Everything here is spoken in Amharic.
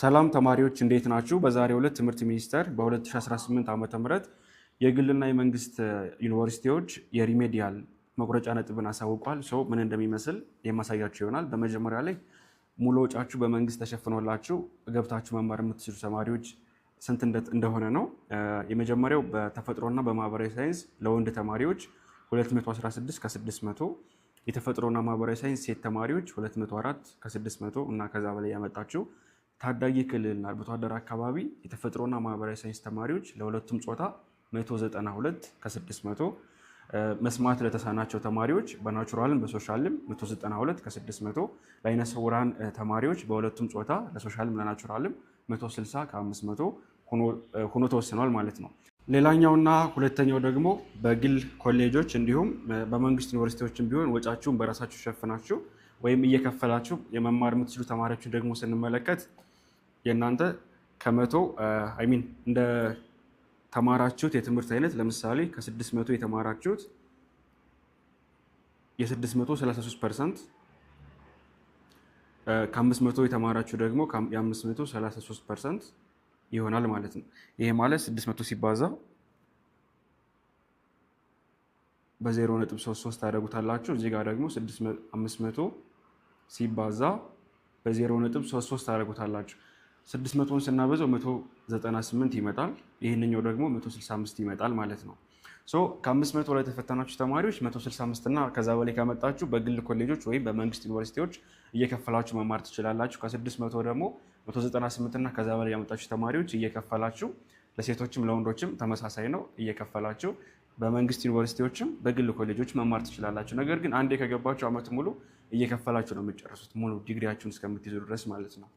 ሰላም ተማሪዎች እንዴት ናችሁ? በዛሬው ዕለት ትምህርት ሚኒስቴር በ2018 ዓ ም የግልና የመንግስት ዩኒቨርሲቲዎች የሪሜዲያል መቁረጫ ነጥብን አሳውቋል። ሰው ምን እንደሚመስል የማሳያችሁ ይሆናል። በመጀመሪያ ላይ ሙሉ ወጫችሁ በመንግስት ተሸፍኖላችሁ ገብታችሁ መማር የምትችሉ ተማሪዎች ስንት እንደሆነ ነው። የመጀመሪያው በተፈጥሮና በማህበራዊ ሳይንስ ለወንድ ተማሪዎች 216 ከ600 የተፈጥሮና ማህበራዊ ሳይንስ ሴት ተማሪዎች 204 ከ600 እና ከዛ በላይ ያመጣችሁ ታዳጊ ክልልና አርብቶ አደር አካባቢ የተፈጥሮና ማህበራዊ ሳይንስ ተማሪዎች ለሁለቱም ጾታ 192 ከ600 መስማት ለተሳናቸው ተማሪዎች በናቹራልም በሶሻልም 192 ከ600 ለአይነ ስውራን ተማሪዎች በሁለቱም ጾታ ለሶሻልም ለናቹራልም 160 ከ500 ሆኖ ተወስኗል ማለት ነው። ሌላኛውና ሁለተኛው ደግሞ በግል ኮሌጆች እንዲሁም በመንግስት ዩኒቨርሲቲዎችን ቢሆን ወጫችሁን በራሳችሁ ሸፍናችሁ ወይም እየከፈላችሁ የመማር የምትችሉ ተማሪዎችን ደግሞ ስንመለከት የእናንተ ከመቶ ሚን እንደ ተማራችሁት የትምህርት አይነት ለምሳሌ ከ600 የተማራችሁት የ መቶ ሰላሳ ፐርሰንት ከአምስት መቶ የተማራችሁ ደግሞ የአምስት መቶ ሰላሳ ሶስት ፐርሰንት ይሆናል ማለት ነው። ይሄ ማለት ስድስት መቶ ሲባዛ በዜሮ ነጥብ ሶስት ሶስት እዚህ ጋር ደግሞ አምስት መቶ ሲባዛ በዜሮ ነጥብ ሶስት ሶስት ታደርጉታላችሁ። ስድስት መቶን ስናበዛው መቶ ዘጠና ስምንት ይመጣል። ይህንኛው ደግሞ መቶ ስልሳ አምስት ይመጣል ማለት ነው። ከአምስት መቶ ላይ የተፈተናችሁ ተማሪዎች መቶ ስልሳ አምስት እና ከዛ በላይ ካመጣችሁ በግል ኮሌጆች ወይም በመንግስት ዩኒቨርሲቲዎች እየከፈላችሁ መማር ትችላላችሁ። ከስድስት መቶ ደግሞ መቶ ዘጠና ስምንት እና ከዛ በላይ ያመጣችሁ ተማሪዎች እየከፈላችሁ ለሴቶችም ለወንዶችም ተመሳሳይ ነው እየከፈላችሁ በመንግስት ዩኒቨርሲቲዎችም በግል ኮሌጆች መማር ትችላላችሁ። ነገር ግን አንዴ ከገባችሁ አመት ሙሉ እየከፈላችሁ ነው የምጨርሱት ሙሉ ዲግሪያችሁን እስከምትይዙ ድረስ ማለት ነው።